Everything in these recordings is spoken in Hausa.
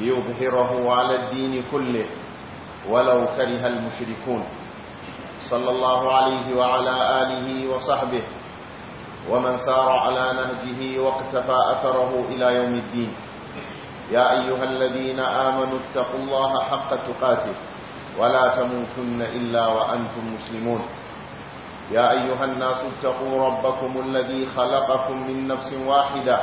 ليظهره على الدين كله ولو كره المشركون صلى الله عليه وعلى آله وصحبه ومن سار على نهجه واقتفى أثره إلى يوم الدين يا أيها الذين آمنوا اتقوا الله حق تقاته ولا تموتن إلا وأنتم مسلمون يا أيها الناس اتقوا ربكم الذي خلقكم من نفس واحدة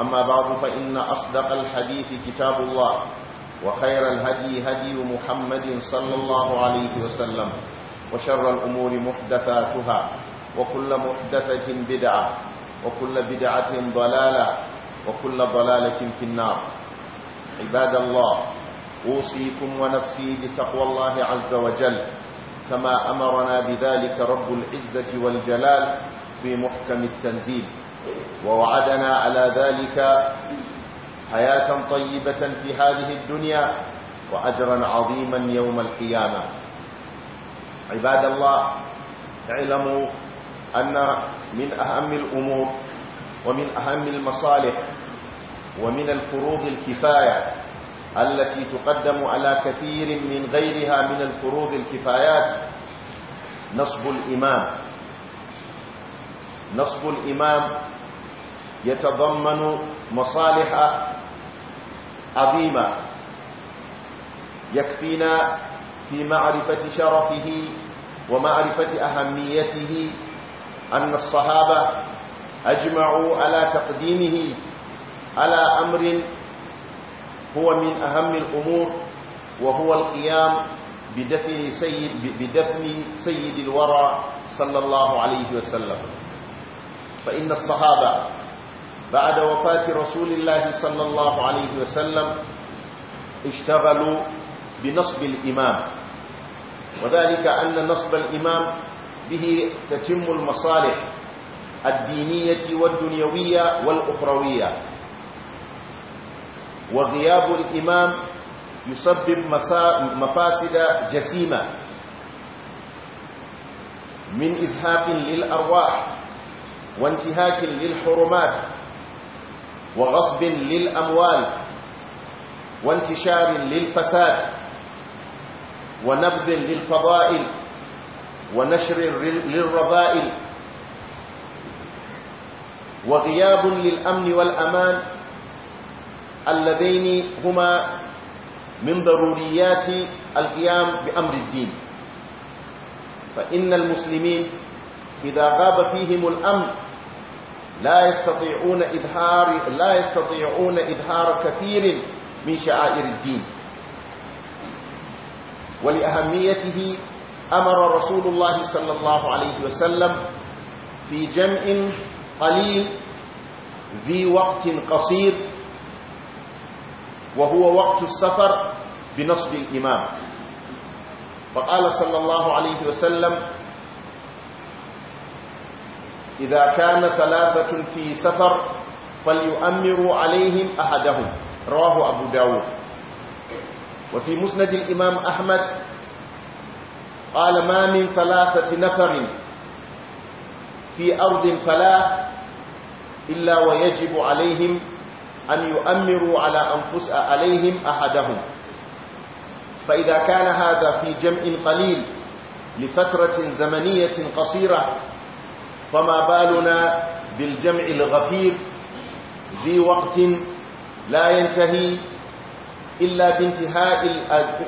أما بعد فإن أصدق الحديث كتاب الله وخير الهدي هدي محمد صلى الله عليه وسلم وشر الأمور محدثاتها وكل محدثة بدعة وكل بدعة ضلالة وكل ضلالة في النار عباد الله أوصيكم ونفسي بتقوى الله عز وجل كما أمرنا بذلك رب العزة والجلال في محكم التنزيل ووعدنا على ذلك حياة طيبة في هذه الدنيا وأجرا عظيما يوم القيامة عباد الله اعلموا أن من أهم الأمور ومن أهم المصالح ومن الفروض الكفاية التي تقدم على كثير من غيرها من الفروض الكفايات نصب الإمام نصب الإمام يتضمن مصالح عظيمة يكفينا في معرفة شرفه ومعرفة أهميته أن الصحابة أجمعوا على تقديمه على أمر هو من أهم الأمور وهو القيام بدفن سيد, بدفن سيد الورى صلى الله عليه وسلم فإن الصحابة بعد وفاة رسول الله صلى الله عليه وسلم اشتغلوا بنصب الإمام وذلك أن نصب الإمام به تتم المصالح الدينية والدنيوية والأخروية وغياب الإمام يسبب مفاسد جسيمة من إزهاق للأرواح وانتهاك للحرمات وغصب للأموال وانتشار للفساد ونبذ للفضائل ونشر للرذائل وغياب للأمن والأمان اللذين هما من ضروريات القيام بأمر الدين فإن المسلمين إذا غاب فيهم الأمن لا يستطيعون إظهار لا يستطيعون إظهار كثير من شعائر الدين ولأهميته أمر رسول الله صلى الله عليه وسلم في جمع قليل ذي وقت قصير وهو وقت السفر بنصب الإمام فقال صلى الله عليه وسلم إذا كان ثلاثة في سفر فليؤمروا عليهم أحدهم رواه أبو داود وفي مسند الإمام أحمد قال ما من ثلاثة نفر في أرض ثلاث إلا ويجب عليهم أن يؤمروا على أنفس عليهم أحدهم فإذا كان هذا في جمع قليل لفترة زمنية قصيرة فما بالنا بالجمع الغفير ذي وقت لا ينتهي إلا بانتهاء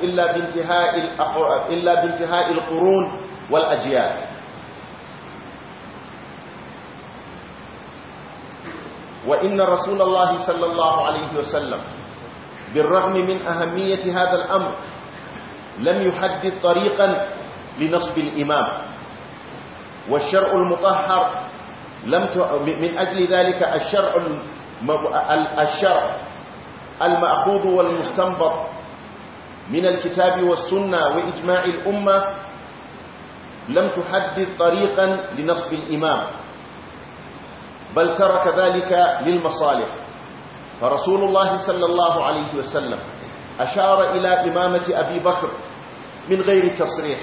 إلا بانتهاء إلا بانتهاء القرون والأجيال وإن رسول الله صلى الله عليه وسلم بالرغم من أهمية هذا الأمر لم يحدد طريقا لنصب الإمام والشرع المطهر لم ت... من أجل ذلك الشرع الشرع المأخوذ والمستنبط من الكتاب والسنة وإجماع الأمة لم تحدد طريقا لنصب الإمام بل ترك ذلك للمصالح فرسول الله صلى الله عليه وسلم أشار إلى إمامة أبي بكر من غير تصريح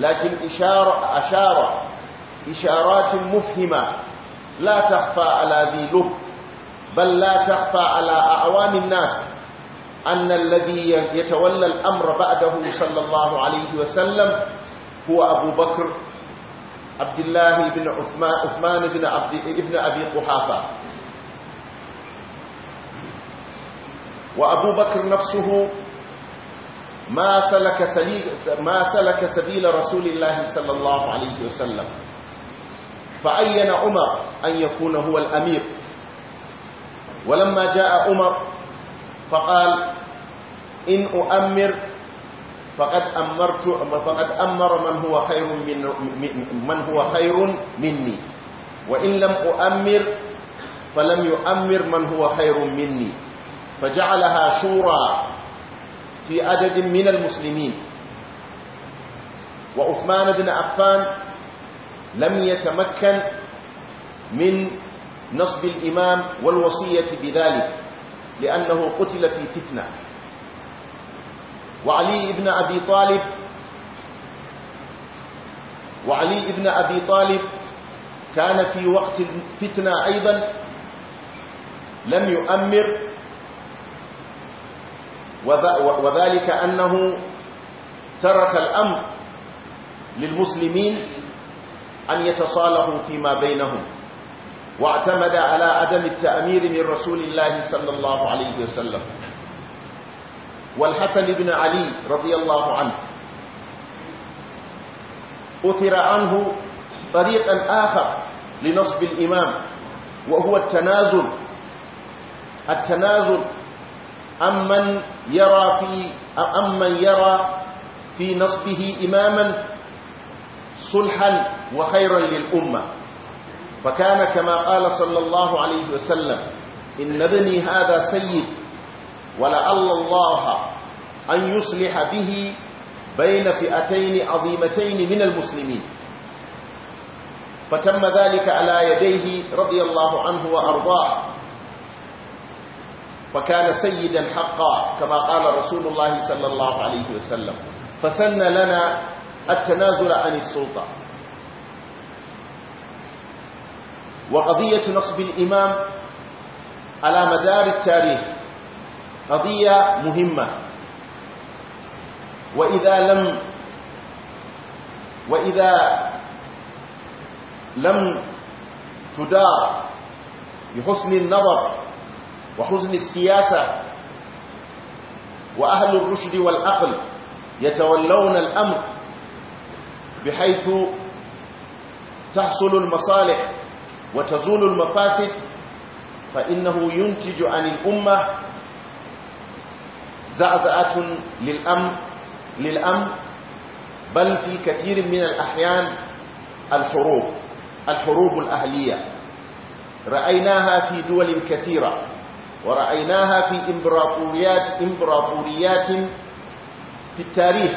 لكن إشارة أشار إشارات مفهمة لا تخفى على ذي لب بل لا تخفى على أعوام الناس أن الذي يتولى الأمر بعده صلى الله عليه وسلم هو أبو بكر عبد الله بن عثمان, عثمان بن, عبد ابن أبي قحافة وأبو بكر نفسه ما سلك سبيل ما سلك سبيل رسول الله صلى الله عليه وسلم فعين عمر أن يكون هو الأمير ولما جاء عمر فقال إن أؤمر فقد أمرت فقد أمر من هو خير من من هو خير مني وإن لم أؤمر فلم يؤمر من هو خير مني فجعلها شورى في عدد من المسلمين وعثمان بن عفان لم يتمكن من نصب الإمام والوصية بذلك لأنه قتل في فتنة وعلي بن أبي طالب وعلي بن أبي طالب كان في وقت الفتنة أيضا لم يؤمر وذلك أنه ترك الأمر للمسلمين أن يتصالحوا فيما بينهم واعتمد على عدم التأمير من رسول الله صلى الله عليه وسلم والحسن بن علي رضي الله عنه أثر عنه طريقا آخر لنصب الإمام وهو التنازل التنازل أمن يرى في أمن يرى في نصبه إماما صلحا وخيرا للأمة فكان كما قال صلى الله عليه وسلم إن ابني هذا سيد ولعل الله أن يصلح به بين فئتين عظيمتين من المسلمين فتم ذلك على يديه رضي الله عنه وأرضاه وكان سيدا حقا كما قال رسول الله صلى الله عليه وسلم فسن لنا التنازل عن السلطة وقضية نصب الإمام على مدار التاريخ قضية مهمة وإذا لم وإذا لم تدار بحسن النظر وحزن السياسة وأهل الرشد والأقل يتولون الأمر بحيث تحصل المصالح وتزول المفاسد فإنه ينتج عن الأمة زعزعة للأمن للأمن بل في كثير من الأحيان الحروب الحروب الأهلية رأيناها في دول كثيرة ورأيناها في إمبراطوريات, إمبراطوريات في التاريخ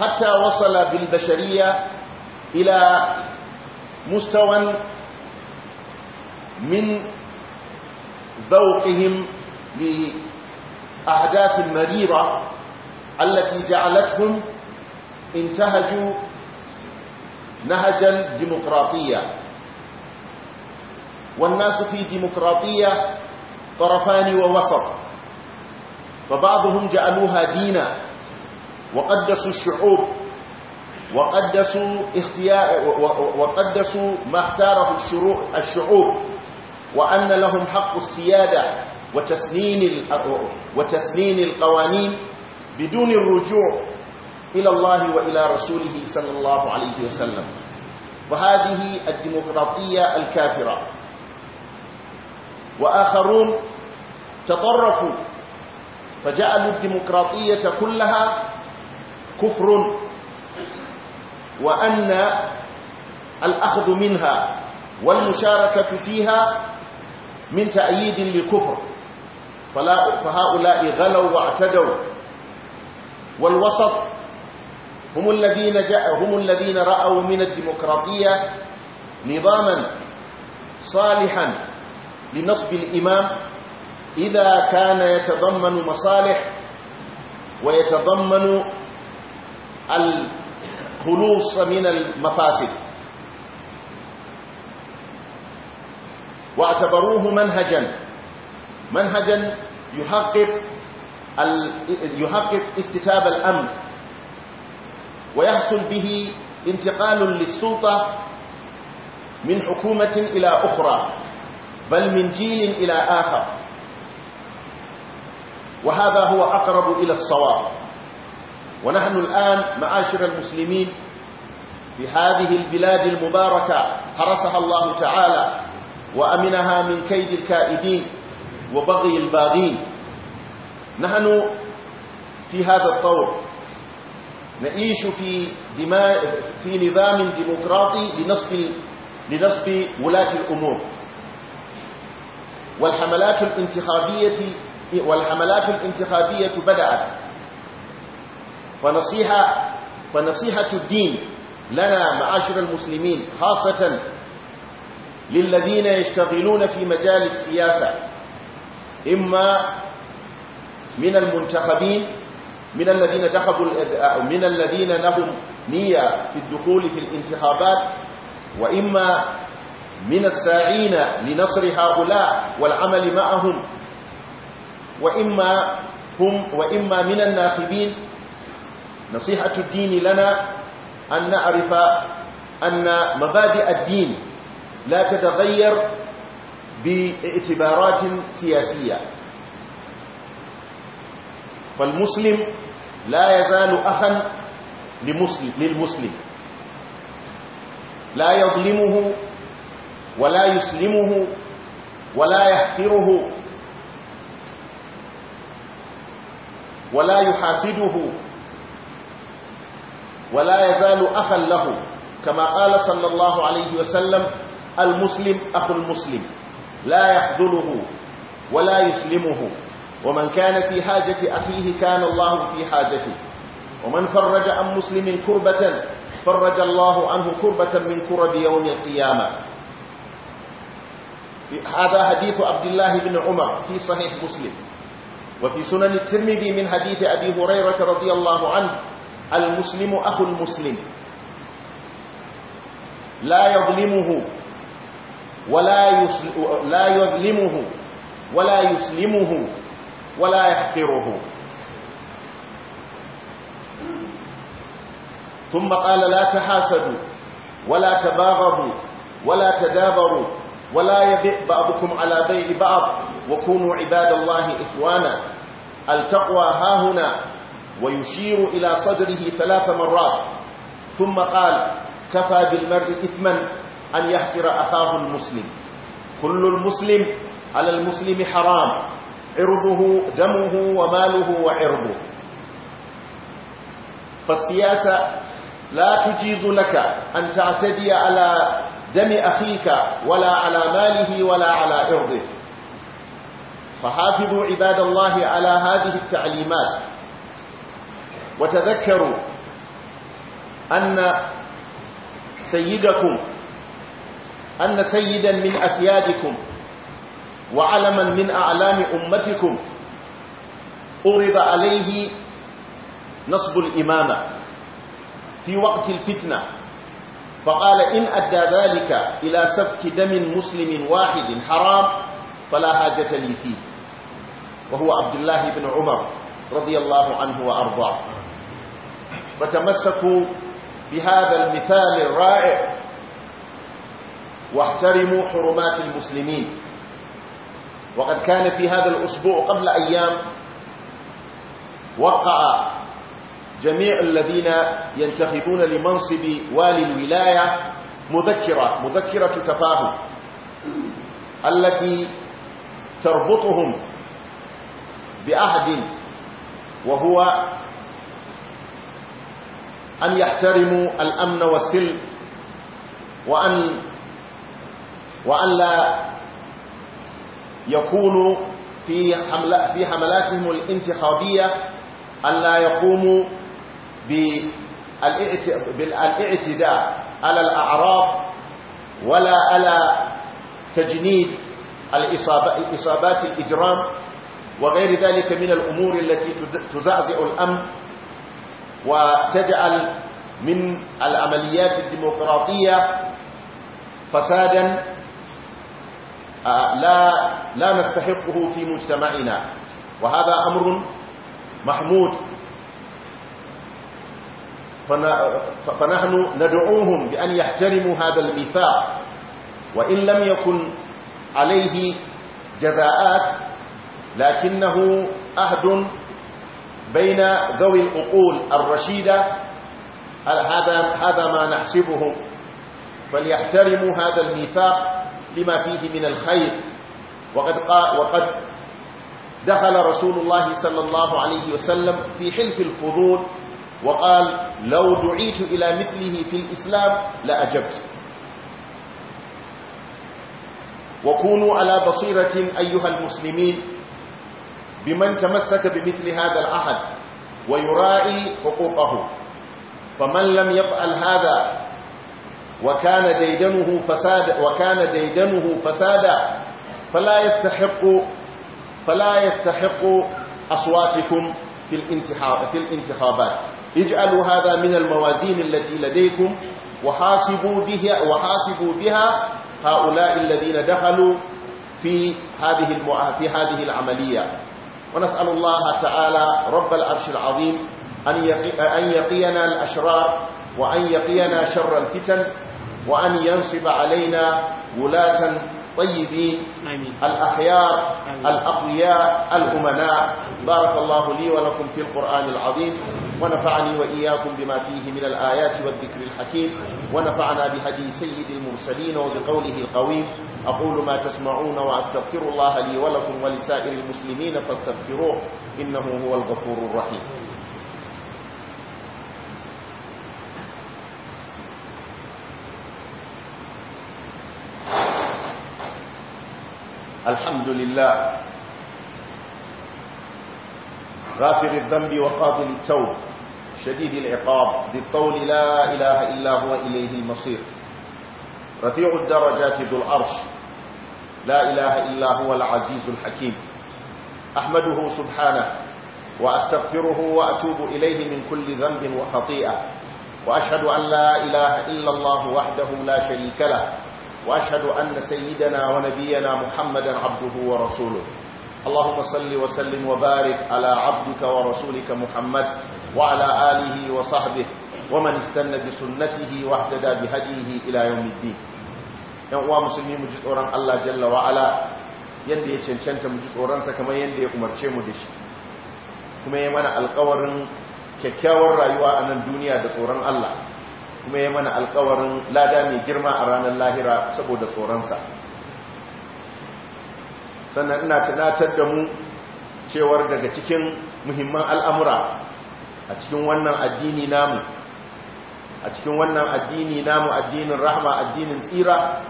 حتى وصل بالبشرية إلى مستوى من ذوقهم لأحداث مريرة التي جعلتهم انتهجوا نهجا ديمقراطيا والناس في ديمقراطية طرفان ووسط فبعضهم جعلوها دينا وقدسوا الشعوب وقدسوا, اختيار وقدسوا ما اختاره الشعوب وأن لهم حق السيادة وتسنين, وتسنين القوانين بدون الرجوع إلى الله وإلى رسوله صلى الله عليه وسلم وهذه الديمقراطية الكافرة وآخرون تطرفوا فجعلوا الديمقراطية كلها كفر وأن الأخذ منها والمشاركة فيها من تأييد للكفر فلا فهؤلاء غلوا واعتدوا والوسط هم الذين جاء هم الذين رأوا من الديمقراطية نظاما صالحا لنصب الإمام إذا كان يتضمن مصالح ويتضمن الخلوص من المفاسد واعتبروه منهجا منهجا يحقق يحقق استتاب الأمن ويحصل به انتقال للسلطة من حكومة إلى أخرى بل من جيل إلى آخر وهذا هو أقرب إلى الصواب ونحن الآن معاشر المسلمين في هذه البلاد المباركة حرسها الله تعالى وأمنها من كيد الكائدين وبغي الباغين نحن في هذا الطور نعيش في, دماء في نظام ديمقراطي لنصب, لنصب ولاة الأمور والحملات الانتخابية والحملات الانتخابية بدأت فنصيحة, فنصيحة الدين لنا معاشر المسلمين خاصة للذين يشتغلون في مجال السياسة إما من المنتخبين من الذين دخلوا من الذين لهم نية في الدخول في الانتخابات وإما من الساعين لنصر هؤلاء والعمل معهم وإما, هم وإما من الناخبين نصيحة الدين لنا أن نعرف أن مبادئ الدين لا تتغير باعتبارات سياسية فالمسلم لا يزال أخا للمسلم لا يظلمه ولا يسلمه ولا يحقره ولا يحاسده ولا يزال أخا له كما قال صلى الله عليه وسلم المسلم أخو المسلم لا يخذله ولا يسلمه ومن كان في حاجة أخيه كان الله في حاجته ومن فرج عن مسلم كربة فرج الله عنه كربة من كرب يوم القيامة هذا حديث عبد الله بن عمر في صحيح مسلم وفي سنن الترمذي من حديث أبي هريرة رضي الله عنه المسلم أخو المسلم لا يظلمه ولا لا يظلمه ولا يسلمه ولا يحقره ثم قال لا تحاسدوا ولا تباغضوا ولا تدابروا ولا يبئ بعضكم على بيع بعض وكونوا عباد الله إخوانا التقوى هاهنا ويشير إلى صدره ثلاث مرات ثم قال كفى بالمرء إثما أن يحقر أخاه المسلم كل المسلم على المسلم حرام عرضه دمه وماله وعرضه فالسياسة لا تجيز لك أن تعتدي على دم أخيك ولا على ماله ولا على عرضه فحافظوا عباد الله على هذه التعليمات وتذكروا أن سيدكم أن سيدا من أسيادكم وعلما من أعلام أمتكم أرض عليه نصب الإمامة في وقت الفتنة فقال إن أدى ذلك إلى سفك دم مسلم واحد حرام فلا حاجة لي فيه وهو عبد الله بن عمر رضي الله عنه وأرضاه فتمسكوا بهذا المثال الرائع واحترموا حرمات المسلمين وقد كان في هذا الأسبوع قبل أيام وقع جميع الذين ينتخبون لمنصب والي الولاية مذكرة مذكرة تفاهم التي تربطهم بعهد وهو أن يحترموا الأمن والسلم وأن وأن لا يكونوا في, في حملاتهم الانتخابية أن لا يقوموا بالاعتداء على الأعراض ولا على تجنيد إصابات الإجرام وغير ذلك من الأمور التي تزعزع الأمن وتجعل من العمليات الديمقراطية فسادا آه، لا, لا نستحقه في مجتمعنا وهذا أمر محمود فنحن ندعوهم بأن يحترموا هذا الميثاق وإن لم يكن عليه جزاءات لكنه أهد بين ذوي الأقول الرشيدة هذا هذا ما نحسبه فليحترموا هذا الميثاق لما فيه من الخير وقد وقد دخل رسول الله صلى الله عليه وسلم في حلف الفضول وقال لو دعيت إلى مثله في الإسلام لأجبت وكونوا على بصيرة أيها المسلمين بمن تمسك بمثل هذا العهد ويراعي حقوقه فمن لم يفعل هذا وكان ديدنه فسادا وكان ديدنه فسادا فلا يستحق فلا يستحق أصواتكم في الانتخابات اجعلوا هذا من الموازين التي لديكم وحاسبوا بها, وحاسبوا بها هؤلاء الذين دخلوا في هذه المع... في هذه العملية ونسأل الله تعالى رب العرش العظيم أن, يقي... أن يقينا الأشرار وأن يقينا شر الفتن وأن ينصب علينا ولاة طيبين الأحياء الأقوياء الأمناء بارك الله لي ولكم في القرآن العظيم ونفعني وإياكم بما فيه من الآيات والذكر الحكيم ونفعنا بهدي سيد المرسلين وبقوله القويم أقول ما تسمعون وأستغفر الله لي ولكم ولسائر المسلمين فاستغفروه إنه هو الغفور الرحيم الحمد لله غافر الذنب وقابل التوب شديد العقاب بالقول لا إله إلا هو إليه المصير رفيع الدرجات ذو العرش لا إله إلا هو العزيز الحكيم أحمده سبحانه وأستغفره وأتوب إليه من كل ذنب وخطيئة وأشهد أن لا إله إلا الله وحده لا شريك له وأشهد أن سيدنا ونبينا محمدا عبده ورسوله اللهم صل وسلم وبارك على عبدك ورسولك محمد وعلى آله وصحبه ومن استنى بسنته واهتدى بهديه إلى يوم الدين ينقوى mu ji tsoron Allah Jalla وعلا yadda ya cancanta mu ji tsoronsa kamar yadda ya umarce mu da shi kuma ya mana alkawarin kyakkyawar rayuwa a nan duniya da tsoron Allah kuma ya mana alkawarin lada mai girma a ranar lahira saboda tsoronsa sannan ina tunatar da mu cewar daga cikin muhimman al'amura a cikin wannan addini namu a cikin wannan addini namu addinin rahma, addinin tsira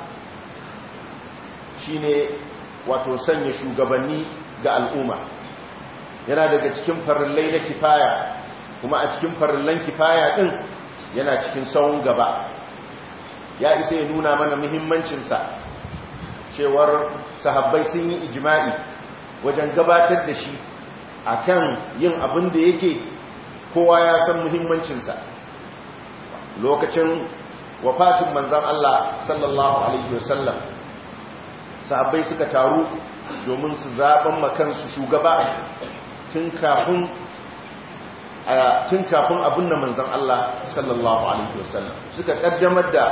shine wato sanya shugabanni ga al'umma yana daga cikin farillai na kifaya kuma a cikin farillan kifaya ɗin yana cikin tsawon gaba ya isa ya nuna mana muhimmancinsa cewar sahabbai sun yi ijima'i wajen gabatar da shi akan yin abin da yake kowa ya san muhimmancinsa lokacin wafatin manzan Allah sallallahu alaihi wasallam sahabbai suka taru domin su zaben makansu shugaba tun kafin tun abin da manzan Allah sallallahu alaihi wasallam suka ƙaddamar da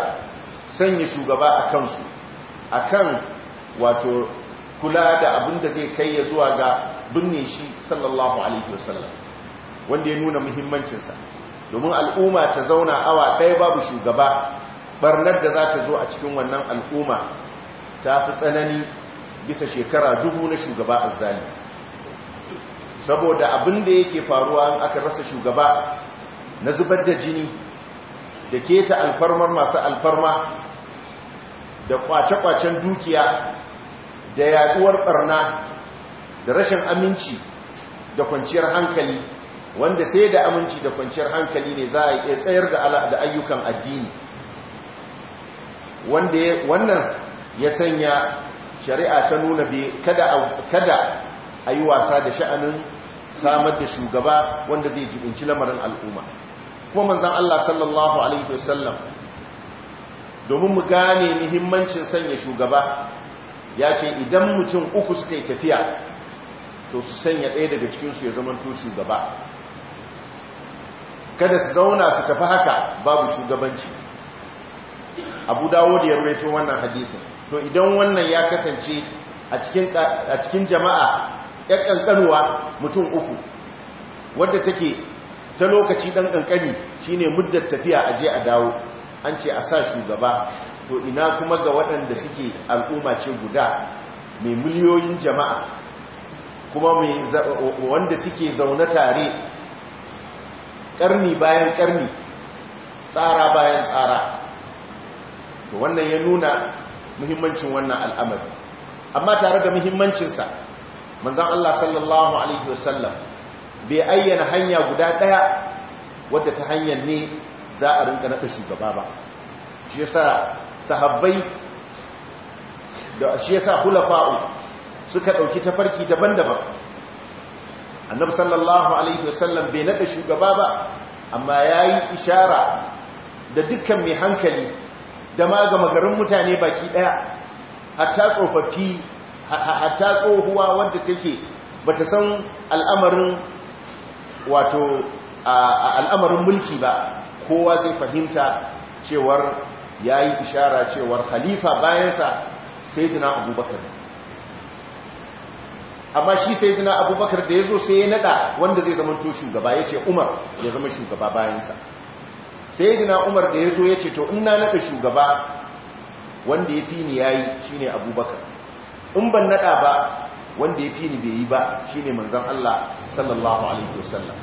sanya shugaba a kansu a kan wato kula da abin da zai kai ya zuwa ga binne shi sallallahu alaihi wasallam wanda ya nuna muhimmancinsa domin al'umma ta zauna awa ɗaya babu shugaba ɓarnar da za ta zo a cikin wannan al'umma ta fi tsanani bisa shekara dubu na shugaba zali saboda abin da yake faruwa an aka rasa shugaba na zubar da jini da keta alfarmar masu alfarma da kwace-kwacen dukiya da yaduwar ɓarna da rashin aminci da kwanciyar hankali wanda sai da aminci da kwanciyar hankali ne za a tsayar da ayyukan addini wannan ya sanya shari'a ta nuna kada a yi wasa da sha'anin samar da shugaba wanda zai jibinci lamarin al'umma kuma manzan Allah sallallahu Alaihi wasallam domin mu gane muhimmancin sanya shugaba ya ce idan mutum uku suka yi tafiya to su sanya ɗaya daga cikinsu ya zama tushe shugaba kada su zauna su tafi haka babu shugabanci abu dawo da ya ruwaito wannan hadisin to idan wannan ya kasance a cikin jama'a ya ƙanƙanuwa mutum uku wadda take ta lokaci ɗan ƙanƙani ne muddar tafiya a je a dawo an ce a sa shugaba to ina kuma ga waɗanda suke al'umma ce guda mai miliyoyin jama'a kuma wanda suke zaune tare ƙarni bayan ƙarni tsara bayan tsara to wannan ya nuna muhimmancin wannan al'amari amma tare da muhimmancinsa manzan Allah sallallahu alaihi wasallam bai ayyana hanya guda ɗaya wadda ta hanyar ne za a rinka naɗa gaba ba shi yasa sahabbai da shi yasa hulafa'u suka ɗauki tafarki daban-daban annabi sallallahu alaihi wasallam bai nada shugaba ba amma yayi ishara da dukkan mai hankali da ma ga magarin mutane baki daya hatta tsofaffi hatta tsohuwa wanda take bata san al'amarin wato al'amarin mulki ba kowa zai fahimta cewar yayi ishara cewar khalifa bayansa sayyidina abubakar amma shi sai zina abubakar da ya zo sai ya nada wanda zai zama to shugaba ya ce umar ya zama shugaba bayansa sai zina umar da ya zo ya ce to ina nada shugaba wanda ya fi ni ya yi shi ne abubakar in ban nada ba wanda ya fi ni bai yi ba shi ne manzan allah sallallahu alaihi wasallam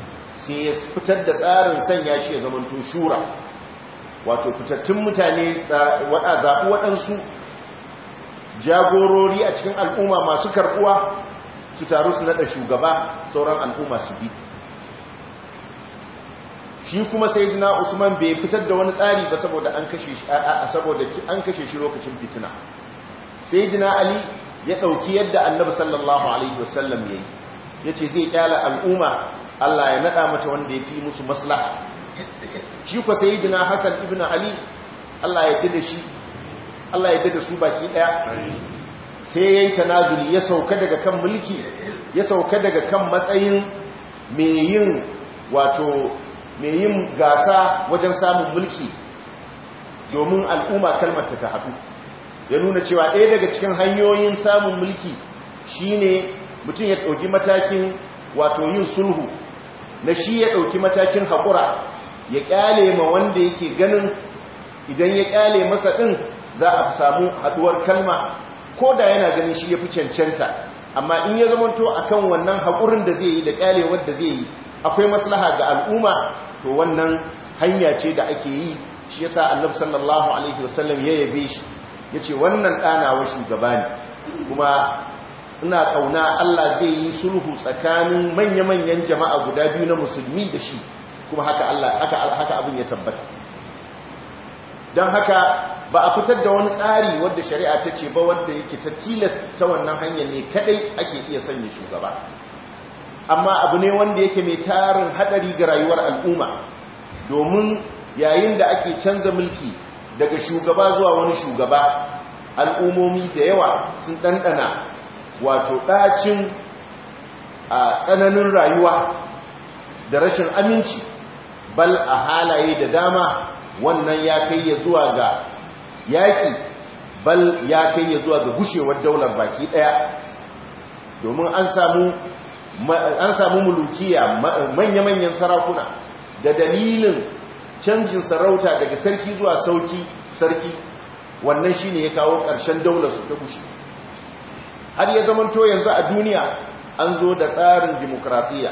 sai ya fitar da tsarin sanya shi ya zama to shura wato fitattun mutane wada zaɓi waɗansu jagorori a cikin al'umma masu karɓuwa su taru su nada shugaba sauran al'umma su bi shi kuma sayyidina Usman bai fitar da wani tsari ba saboda an kashe shi saboda an kashe shi lokacin fitina sayyidina Ali ya dauki yadda Annabi sallallahu alaihi wasallam yayi yace zai kyala al'umma Allah ya nada mata wanda yafi musu maslaha shi ko sayyidina Hassan ibn Ali Allah ya da shi Allah ya su baki daya sai ya yi tanazuli ya sauka daga kan mulki ya sauka daga kan matsayin mai yin wato mai gasa wajen samun mulki domin al'umma kalmarta ta haɗu ya nuna cewa ɗaya daga cikin hanyoyin samun mulki shine mutum ya ɗauki matakin wato yin sulhu na shi ya ɗauki matakin haƙura ya ƙyale ma wanda yake ganin idan ya ƙyale masa ɗin za a samu haɗuwar kalma ko da yana ganin shi ya fi cancanta amma in ya zamanto kan wannan haƙurin da zai yi da ƙyalewar da zai yi akwai maslaha ga al'umma to wannan hanya ce da ake yi shi ya sa annabi sallallahu alaihi wasallam ya yabe shi ya ce wannan ɗanawa shugaba ne kuma ina ƙauna Allah zai yi sulhu tsakanin manya-manyan jama'a guda biyu na musulmi da shi kuma haka haka abin ya tabbata don haka ba a fitar da wani tsari wadda shari'a ta ce ba wadda yake ta tilas ta wannan hanyar ne kadai ake iya sanya shugaba amma abu ne wanda yake mai tarin hadari ga rayuwar al'umma domin yayin da ake canza mulki daga shugaba zuwa wani shugaba al'ummomi da yawa sun ɗanɗana wato ɗacin a tsananin rayuwa da rashin aminci bal a halaye da dama wannan ya kai ya zuwa ga yaƙi bal ya kai ya zuwa ga gushewar daular baki ɗaya domin an samu mulukiya manya-manyan sarakuna da dalilin canjin sarauta daga sarki zuwa sauki sarki wannan shi ne ya kawo ƙarshen daular su ta gushe har ya zamanto yanzu a duniya an zo da tsarin dimokuraɗiyya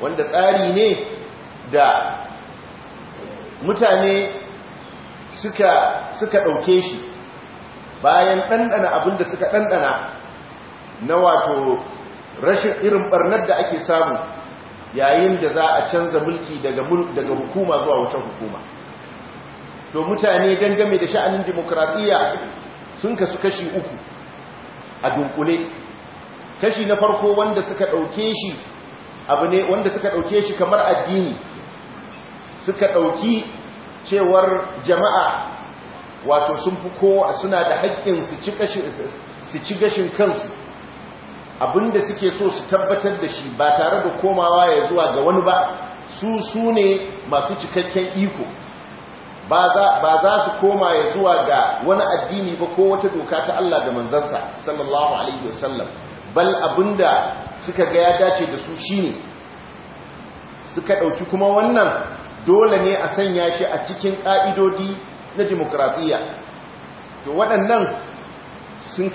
wanda tsari ne da mutane suka ɗauke shi bayan ɗanɗana abinda suka ɗanɗana na wato rashin irin ɓarnar da ake samu yayin da za a canza mulki daga hukuma zuwa wucin hukuma to mutane gangame da sha'anin demokradiyya sun kasu kashi uku a dunkule kashi na farko wanda suka ɗauke shi abu ne wanda suka ɗauke shi kamar addini suka ɗauki cewar jama'a wato sun fi kowa suna da haƙƙin su ci gashin kansu abinda suke so su tabbatar da shi ba tare da komawa ya zuwa ga wani ba su su ne masu cikakken iko ba za su koma ya zuwa ga wani addini ba ko wata doka ta Allah da manzansa sallallahu alaihi wasallam bal abinda suka ga ya dace da su shine suka ɗauki kuma wannan dole ne a sanya shi a cikin ƙa'idodi na demokrafiya to waɗannan sun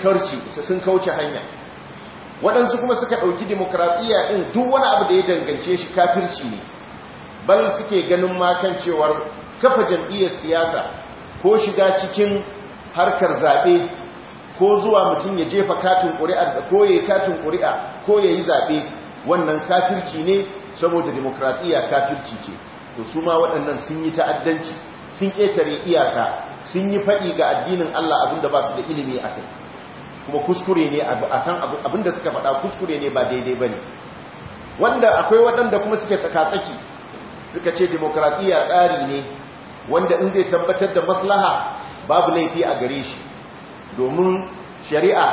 kauce hanya waɗansu kuma suka ɗauki demokrafiya ɗin duk wani abu da ya dangance shi kafirci ne bal suke ganin makan cewar kafa jam'iyyar siyasa ko shiga cikin harkar zaɓe ko zuwa mutum ya jefa katin da ko ya yi katin ƙuri'a ko ya yi zaɓe wannan kafirci ne saboda demokrafiya kafirci ce to su ma waɗannan sun yi ta'addanci sun ƙetare iyaka sun yi faɗi ga addinin Allah abinda ba su da ilimi a kai kuma kuskure ne a kan abinda suka faɗa kuskure ne ba daidai ba ne wanda akwai waɗanda kuma suke tsakatsaki suka ce demokradiyya tsari ne wanda in zai tabbatar da maslaha babu laifi a gare shi domin shari'a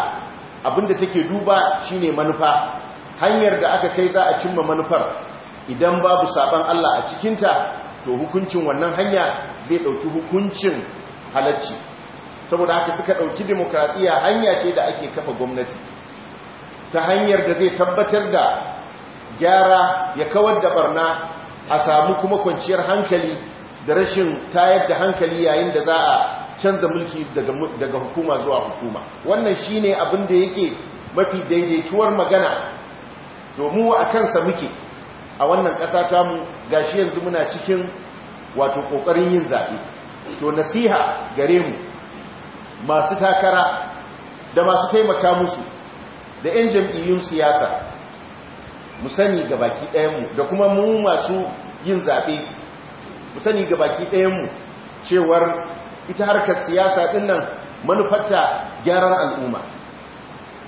abinda take duba shine manufa hanyar da aka kai za a cimma manufar idan babu saban Allah a cikinta to hukuncin wannan hanya zai ɗauki hukuncin halacci saboda haka suka ɗauki demokradiyya hanya ce da ake kafa gwamnati ta hanyar da zai tabbatar da gyara ya kawar da barna a samu kuma kwanciyar hankali da rashin tayar da hankali yayin da za a canza mulki daga hukuma zuwa hukuma wannan shi ne abin da yake mafi daidaituwar magana domin a kansa muke a wannan ƙasa ta mu gashi yanzu muna cikin wato ƙoƙarin yin zaɓe to nasiha gare mu masu takara da masu taimaka musu da 'yan jam'iyyun siyasa mu sani ga baki ɗayanmu da kuma mu masu yin zaɓe mu sani ga baki ɗayanmu cewar ita harkar siyasa ɗin nan manufarta gyaran al'umma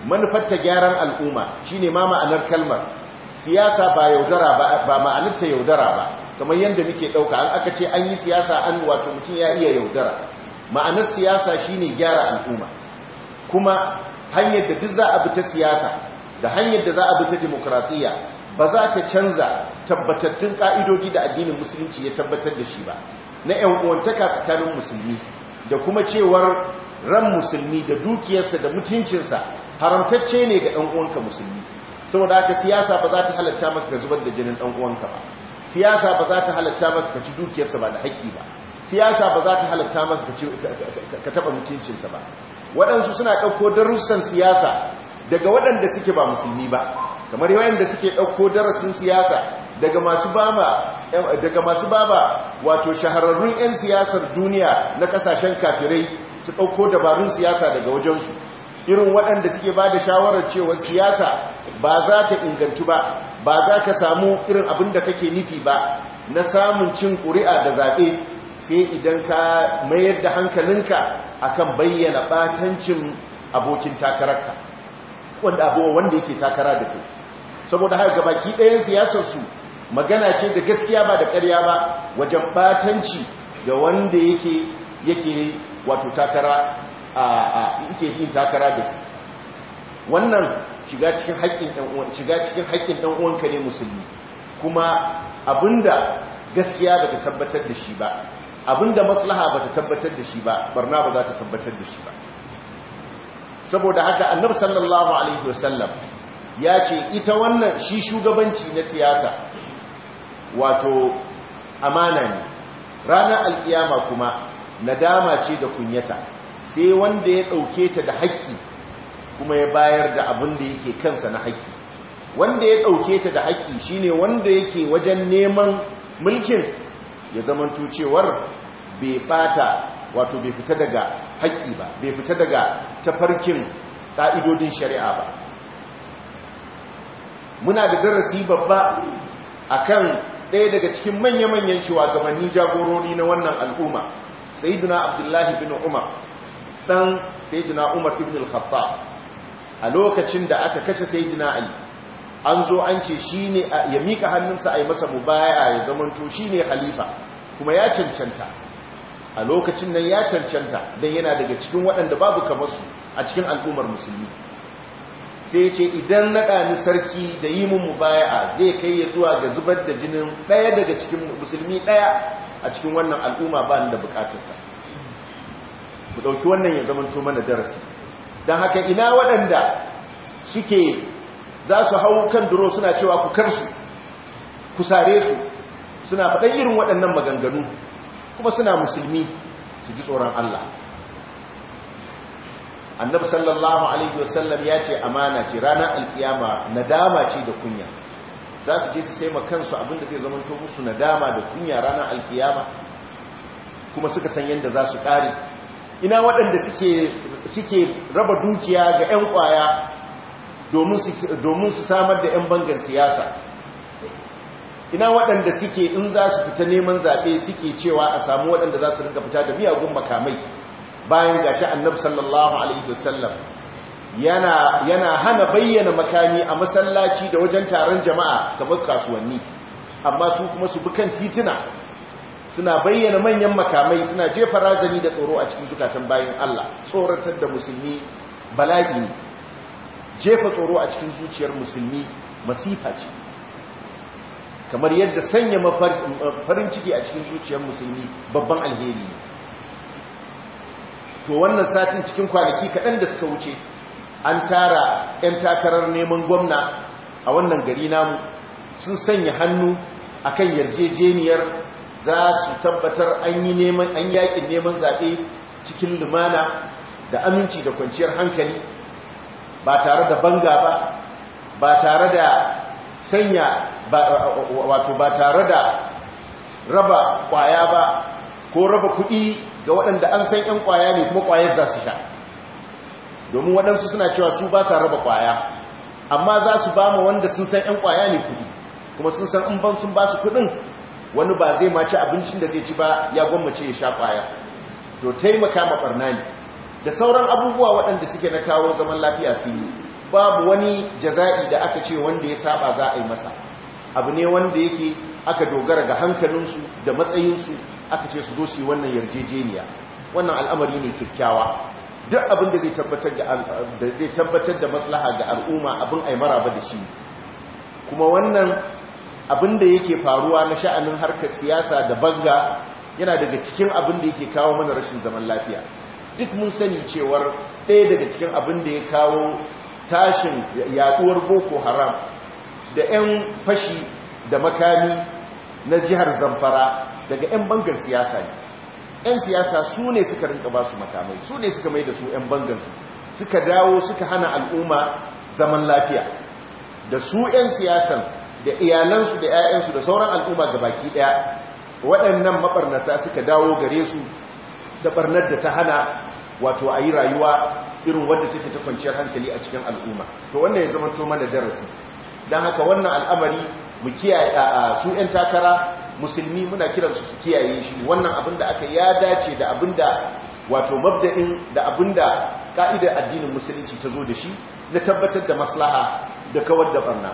manufarta gyaran al'umma shine ma ma'anar kalmar siyasa ba yaudara ba ma'anarta yaudara ba kamar yadda muke ɗauka an aka ce an yi siyasa an wato mutum ya iya yaudara ma'anar siyasa shine gyara al'umma kuma hanyar da duk za a bi ta siyasa da hanyar da za a bi ta demokratiya ba za ta canza tabbatattun ka'idodi da addinin musulunci ya tabbatar da shi ba na 'yan uwantaka tsakanin musulmi da kuma cewar ran musulmi da dukiyarsa da mutuncinsa haramtacce ne ga 'yan uwanka musulmi saboda haka siyasa ba za ta halatta maka ka zubar da jinin dan uwanka ba siyasa ba za ta halatta maka ka ci dukiyarsa ba da haƙƙi ba siyasa ba za ta halatta maka ka taɓa mutuncinsa ba waɗansu suna ɗauko darussan siyasa daga waɗanda suke ba musulmi ba kamar yawan da suke ɗauko darasin siyasa daga masu baba daga wato shahararrun 'yan siyasar duniya na kasashen kafirai su ɗauko dabarun siyasa daga wajensu irin waɗanda suke ba da shawarar cewa siyasa ba za ta ingantu ba ba za ka samu irin abin da kake nufi ba na samun cin ƙuri'a da zaɓe sai idan ka mayar da hankalinka akan bayyana ɓatancin abokin takararka wanda abuwa wanda yake takara da kai saboda haka gabaki ɗayan siyasarsu magana ce da gaskiya ba da ƙarya ba wajen ɓatanci ga wanda yake yake wato takara a yake yin takara da su wannan shiga cikin haƙƙin ɗan uwan shiga uwanka ne musulmi kuma abinda gaskiya bata tabbatar da shi ba abinda maslaha bata tabbatar da shi ba barna ba za ta tabbatar da shi ba saboda haka annabi sallallahu alaihi wasallam ya ce ita wannan shi shugabanci na siyasa wato amana ne ranar alkiyama kuma nadama ce da kunyata sai wanda ya ɗauke ta da haƙƙi kuma ya bayar da abin da yake kansa na haƙƙi wanda ya ɗauke ta da haƙƙi shine wanda yake wajen neman mulkin ya zama cewar bai fata wato bai fita daga haƙƙi ba bai fita daga tafarkin ƙa'idodin shari'a ba muna da darasi babba akan ɗaya daga cikin manya-manyan shugabanni jagorori na wannan al'umma sai duna abdullahi bin umar ɗan duna umar ibn al-khattab a lokacin da aka kashe dina ali an zo an ce ne ya mika hannunsa yi masa mubaya ya zamanto ne halifa kuma ya cancanta a lokacin nan ya cancanta dan yana daga cikin waɗanda babu kamar su a cikin al'ummar musulmi sai ce idan naɗa ni sarki da yi mun mubaya zai kai ya zuwa ga zubar da jinin ɗaya daga cikin musulmi ɗaya a cikin wannan al'umma ba ni da bukatarsa ku ɗauki wannan ya zamanto mana darasi don haka ina waɗanda suke za su hau kan duro suna cewa ku karsu ku sare su suna faɗan irin waɗannan maganganu kuma suna musulmi su ji tsoron Allah annabi sallallahu alaihi wasallam ya ce amana ce ranar alkiyama nadama ce da kunya za su je su sai ma kansu abinda zai zama to musu nadama da kunya ranar alkiyama kuma suka san yadda za su ƙari ina waɗanda suke raba dukiya ga 'yan ƙwaya domin su samar da 'yan bangar siyasa ina waɗanda suke in za su fita neman zaɓe suke cewa a samu waɗanda za su rinka fita da miyagun makamai bayan gashi annabi sallallahu alaihi wasallam yana hana bayyana makami a masallaci da wajen taron jama'a kamar kasuwanni amma su kuma su bi kan tituna suna bayyana manyan makamai suna jefa razani da tsoro a cikin zukatan bayan Allah tsoratar da musulmi bala'i ne jefa tsoro a cikin zuciyar musulmi masifa ce kamar yadda sanya farin ciki a cikin zuciyar musulmi babban alheri ne to wannan satin cikin kwanaki kaɗan da suka wuce an tara 'yan takarar neman gwamna a wannan gari namu sun sanya hannu akan yarjejeniyar za su tabbatar an yi neman an yakin neman zaɓe cikin lumana da aminci da kwanciyar hankali ba tare da banga ba ba tare da sanya wato ba tare da raba kwaya ba ko raba kuɗi ga waɗanda an san 'yan kwaya ne kuma kwayar za su sha domin waɗansu suna cewa su ba sa raba kwaya amma za su ba wanda sun san 'yan kwaya ne kuɗi kuma sun san in ban sun ba su kuɗin wani ba zai maci abincin da zai ci ba ya gwammace ya sha kwaya to taimaka ma barna ne da sauran abubuwa waɗanda suke na kawo zaman lafiya su yi babu wani jaza'i da aka ce wanda ya saba za a yi masa abu ne wanda yake aka dogara ga hankalinsu da matsayinsu aka ce su zo su yi wannan yarjejeniya wannan al'amari ne kyakkyawa duk abin da zai tabbatar da maslaha ga al'umma abin ai ba da shi kuma wannan abin da yake faruwa na sha'anin harkar siyasa da banga yana daga cikin abin da yake kawo mana rashin zaman lafiya duk mun sani cewar ɗaya daga cikin abin da ya kawo tashin yaduwar boko haram da 'yan fashi da makami na jihar zamfara daga 'yan bangar siyasa ne 'yan siyasa su ne suka rinka ba su makamai su ne suka mai da su 'yan su suka dawo suka hana al'umma zaman lafiya da su 'yan siyasan da iyalansu da 'ya'yansu da sauran al'umma ga baki ɗaya waɗannan maɓarnata suka dawo gare su da ɓarnar da ta hana wato a yi rayuwa irin wadda take ta kwanciyar hankali a cikin al'umma to wannan ya zama to mana darasi don haka wannan al'amari mu kiyaye su 'yan takara musulmi muna kiransu su kiyaye shi wannan abin da aka ya dace da abin da wato mabda'in da abin da ka'idar addinin musulunci ta zo da shi na tabbatar da maslaha da kawar da barna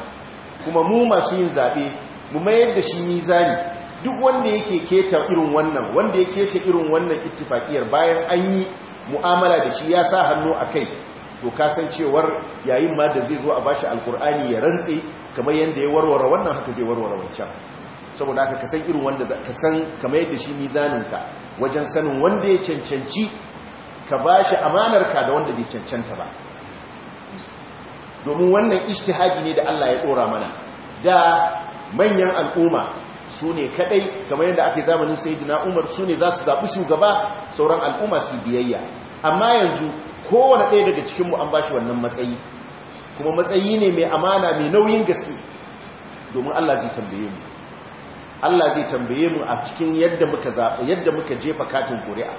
kuma mu masu yin zaɓe mu mayar da shi mizani duk wanda yake keta irin wannan wanda ya keta irin wannan ittifakiyar bayan an yi mu'amala da shi ya sa hannu a kai to kasancewar yayin ma da zai zo a bashi alkur'ani ya rantse kamar yadda ya warware wannan haka zai warware wancan saboda haka kasan irin wanda ka san kamar yadda shi mizaninka wajen sanin wanda ya cancanci ka ba shi amanarka da wanda bai cancanta ba domin wannan ijtihadi ne da Allah ya dora mana da manyan al'umma su ne kadai kamar yadda ake zamanin sayyidina Umar su ne za su zaɓi shugaba sauran al'umma su biyayya amma yanzu kowane ɗaya daga cikinmu an ba shi wannan matsayi kuma matsayi ne mai amana mai nauyin gaske domin Allah zai tambaye mu Allah zai tambaye mu a cikin yadda muka jefa katin ƙuri'a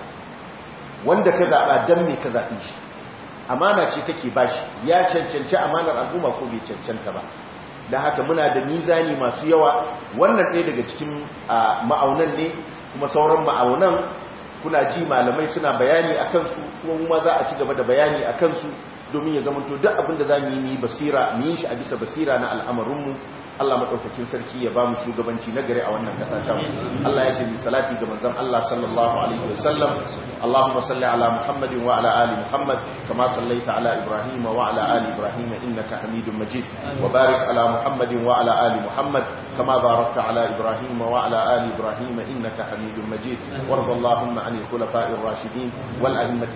wanda ka zaɓa dan me ka zaɓi shi amana ce take bashi ya cancanci amanar al'umma ko bai cancanta ba da haka muna da mizani masu yawa wannan ɗaya daga cikin ma'aunan ne kuma sauran ma'aunan kuna ji malamai suna bayani a kansu kuma kuma za a ci gaba da bayani a kansu domin ya zama to duk abin da za mu yi basira mu yi shi a bisa basira na al'amarinmu Allah madaukakin sarki ya ba mu shugabanci na gare a wannan kasa ta Allah ya ce mi salati ga manzon Allah sallallahu alaihi wasallam Allahumma salli ala Muhammadin wa ala ali Muhammad kama sallaita ala Ibrahim wa ala ali Ibrahim innaka Hamidum Majid wa barik ala Muhammadin wa ala ali Muhammad كما باركت على إبراهيم وعلى آل إبراهيم إنك حميد مجيد Rashidin. اللهم عن الخلفاء الراشدين والأئمة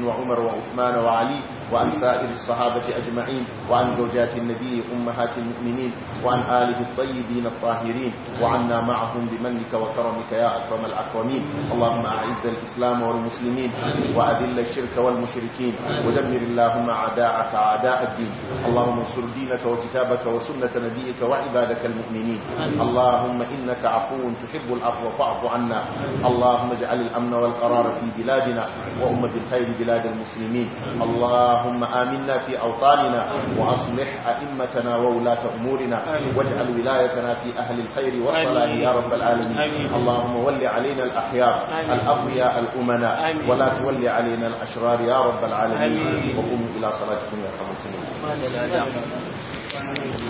wa Umar wa وعمر wa Ali. وعن سائر الصحابة أجمعين وعن زوجات النبي أمهات المؤمنين وعن آله الطيبين الطاهرين وعنا معهم بمنك وكرمك يا أكرم الأكرمين اللهم أعز الإسلام والمسلمين وأذل الشرك والمشركين ودمر اللهم أعداءك أعداء الدين اللهم انصر دينك وكتابك وسنة نبيك وعبادك المؤمنين اللهم إنك عفو تحب العفو فاعف عنا اللهم اجعل الأمن والقرار في بلادنا وأمة الخير بلاد المسلمين اللهم اللهم آمنا في أوطاننا وأصلح أئمتنا وولاة أمورنا واجعل ولايتنا في أهل الخير والصلاة يا رب العالمين اللهم ول علينا الأحياء الأغياء الأمناء ولا تول علينا الأشرار يا رب العالمين وقوموا إلى صلاتكم يا رب العالمين